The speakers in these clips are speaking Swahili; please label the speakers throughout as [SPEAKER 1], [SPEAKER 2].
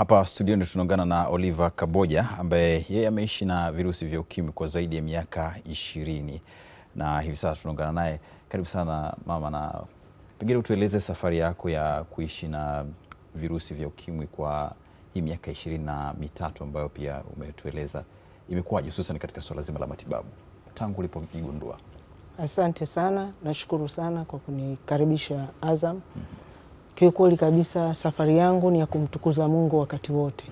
[SPEAKER 1] Hapa studioni tunaungana na Oliver Kaboja ambaye yeye ameishi na virusi vya ukimwi kwa zaidi ya miaka ishirini na hivi sasa tunaungana naye. Karibu sana mama, na pengine utueleze safari yako ya kuishi na virusi vya ukimwi kwa hii miaka ishirini na mitatu ambayo pia umetueleza imekuwaje, hususan katika suala zima la matibabu tangu ulipojigundua.
[SPEAKER 2] Asante sana, nashukuru sana kwa kunikaribisha Azam. mm -hmm. Kiukweli kabisa safari yangu ni ya kumtukuza Mungu wakati wote,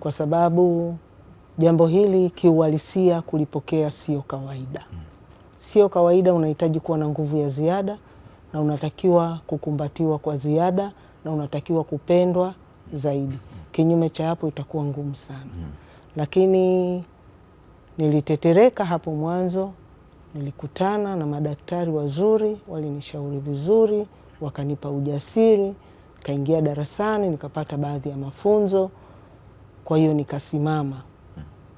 [SPEAKER 2] kwa sababu jambo hili kiuhalisia kulipokea sio kawaida. Sio kawaida, unahitaji kuwa na nguvu ya ziada na unatakiwa kukumbatiwa kwa ziada na unatakiwa kupendwa zaidi. Kinyume cha hapo itakuwa ngumu sana, lakini nilitetereka hapo mwanzo. Nilikutana na madaktari wazuri, walinishauri vizuri wakanipa ujasiri, nikaingia darasani nikapata baadhi ya mafunzo. Kwa hiyo nikasimama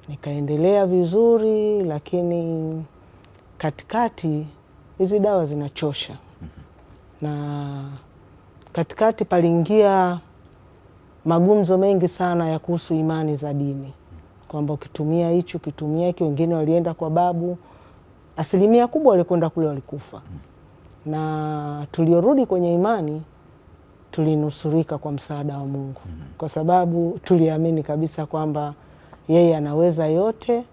[SPEAKER 2] nikaendelea vizuri, lakini katikati hizi dawa zinachosha na katikati paliingia magumzo mengi sana ya kuhusu imani za dini, kwamba ukitumia hichi ukitumia hiki. Wengine walienda kwa babu, asilimia kubwa walikwenda kule walikufa na tuliorudi kwenye imani tulinusurika kwa msaada wa Mungu, mhm. kwa sababu tuliamini kabisa kwamba yeye anaweza yote.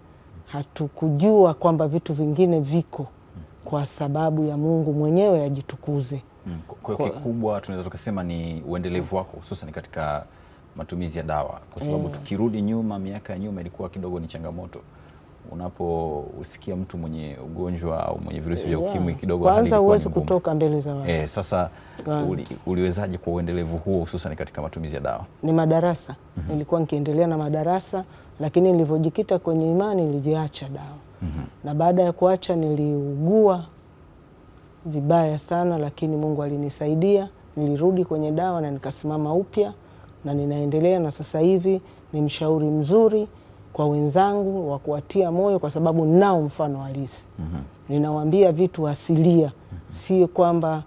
[SPEAKER 2] Hatukujua kwamba vitu vingine viko kwa sababu ya Mungu mwenyewe ajitukuze. Mm,
[SPEAKER 1] kwa hiyo kikubwa tunaweza tukasema ni uendelevu wako, hususan katika matumizi ya dawa, kwa sababu eh. tukirudi nyuma, miaka ya nyuma ilikuwa kidogo ni changamoto unaposikia mtu mwenye ugonjwa au mwenye virusi vya yeah, kidogo
[SPEAKER 2] kwanza huwezi kutoka mbele za watu
[SPEAKER 1] eh. Sasa uli, uliwezaje kwa uendelevu huo hususan katika matumizi ya dawa?
[SPEAKER 2] Ni madarasa mm -hmm. Nilikuwa nikiendelea na madarasa lakini nilivyojikita kwenye imani nilijiacha dawa mm -hmm. Na baada ya kuacha niliugua vibaya sana, lakini Mungu alinisaidia, nilirudi kwenye dawa na nikasimama upya na ninaendelea, na sasa hivi ni mshauri mzuri kwa wenzangu wa kuwatia moyo, kwa sababu nao mfano halisi mm -hmm. Ninawaambia vitu asilia mm -hmm. Sio kwamba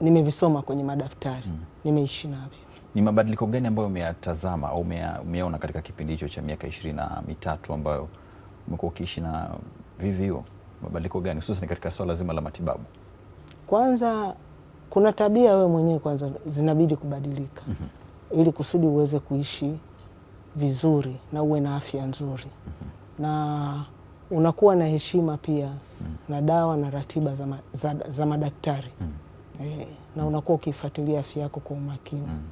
[SPEAKER 2] nimevisoma kwenye madaftari mm -hmm. Nimeishi navyo.
[SPEAKER 1] Ni mabadiliko gani ambayo umeyatazama au umeona katika kipindi hicho cha miaka ishirini na mitatu ambayo umekuwa ukiishi na VVU? Mabadiliko gani hususan katika swala zima la matibabu?
[SPEAKER 2] Kwanza kuna tabia wewe mwenyewe kwanza zinabidi kubadilika mm -hmm. ili kusudi uweze kuishi vizuri na uwe na afya nzuri na unakuwa na heshima pia na dawa na ratiba za, ma, za, za madaktari e, na unakuwa ukifuatilia afya yako kwa umakini. Mm.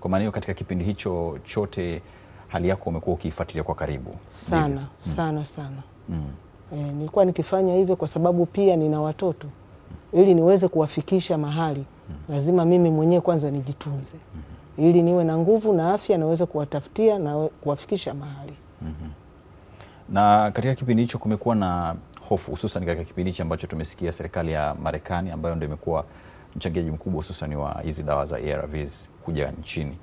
[SPEAKER 1] Kwa maana hiyo, katika kipindi hicho chote hali yako umekuwa ukiifuatilia kwa karibu
[SPEAKER 2] sana Divyo? Mm. sana sana e, nilikuwa nikifanya hivyo kwa sababu pia nina watoto ili niweze kuwafikisha mahali lazima mimi mwenyewe kwanza nijitunze. Mm-hmm ili niwe na nguvu na afya naweza kuwatafutia na kuwafikisha mahali mm -hmm.
[SPEAKER 1] Na katika kipindi hicho kumekuwa na hofu, hususan katika kipindi hichi ambacho tumesikia serikali ya Marekani ambayo ndio imekuwa mchangiaji mkubwa hususan wa hizi dawa za ARVs kuja nchini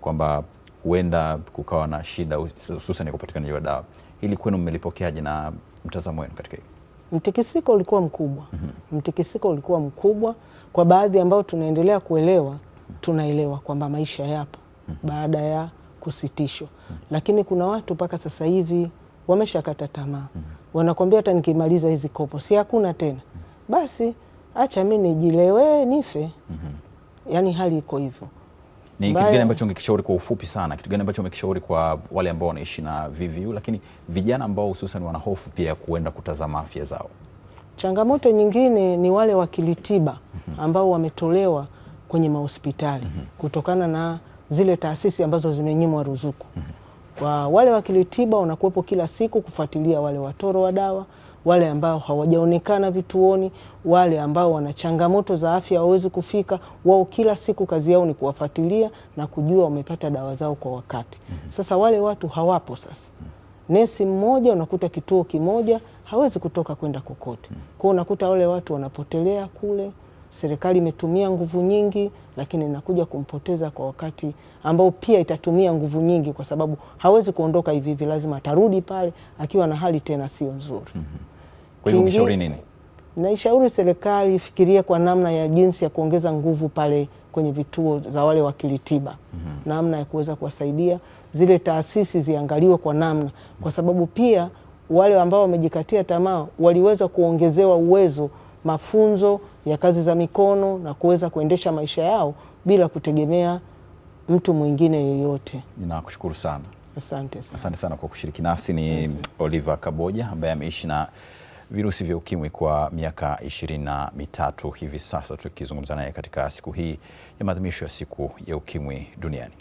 [SPEAKER 1] kwamba huenda kukawa na shida hususan ya kupatikanaji wa dawa. Hili kwenu mmelipokeaje na mtazamo wenu katika hili?
[SPEAKER 2] Mtikisiko ulikuwa mkubwa. mm -hmm. Mtikisiko ulikuwa mkubwa kwa baadhi ambao tunaendelea kuelewa tunaelewa kwamba maisha yapo mm-hmm. baada ya kusitishwa, lakini kuna watu mpaka sasa hivi wameshakata tamaa, mm-hmm. wanakwambia hata nikimaliza hizi kopo si hakuna tena, mm-hmm. basi acha mi nijilewe nife. Yani hali iko hivyo.
[SPEAKER 1] Ni kitu gani ambacho ungekishauri kwa ufupi sana, kitu gani ambacho umekishauri kwa wale ambao wanaishi na VVU, lakini vijana ambao hususan wana hofu pia ya kuenda kutazama afya zao?
[SPEAKER 2] Changamoto nyingine ni wale wakilitiba ambao wametolewa kwenye mahospitali mm -hmm. kutokana na zile taasisi ambazo zimenyimwa ruzuku mm -hmm. kwa wale wakili tiba wanakuwepo kila siku kufuatilia wale watoro wa dawa, wale ambao hawajaonekana vituoni, wale ambao wana changamoto za afya hawawezi kufika. Wao kila siku kazi yao ni kuwafuatilia na kujua wamepata dawa zao kwa wakati mm -hmm. Sasa wale watu hawapo sasa mm -hmm. Nesi mmoja unakuta kituo kimoja hawezi kutoka kwenda kokote. Mhm. Kwa kwao unakuta wale watu wanapotelea kule serikali imetumia nguvu nyingi, lakini inakuja kumpoteza kwa wakati ambao pia itatumia nguvu nyingi, kwa sababu hawezi kuondoka hivi hivi, lazima atarudi pale akiwa na hali tena sio nzuri. mm -hmm.
[SPEAKER 1] Kwa hiyo nini?
[SPEAKER 2] Naishauri serikali ifikirie kwa namna ya jinsi ya kuongeza nguvu pale kwenye vituo za wale wakili tiba mm -hmm. namna ya kuweza kuwasaidia zile taasisi ziangaliwe kwa namna, kwa sababu pia wale ambao wamejikatia tamaa waliweza kuongezewa uwezo mafunzo ya kazi za mikono na kuweza kuendesha maisha yao bila kutegemea mtu mwingine yoyote.
[SPEAKER 1] Ninakushukuru sana. Asante sana. Asante sana kwa kushiriki nasi. Ni Asante. Oliver Kaboja ambaye ameishi na virusi vya ukimwi kwa miaka ishirini na mitatu hivi sasa tukizungumza naye katika siku hii ya maadhimisho ya siku ya ukimwi duniani.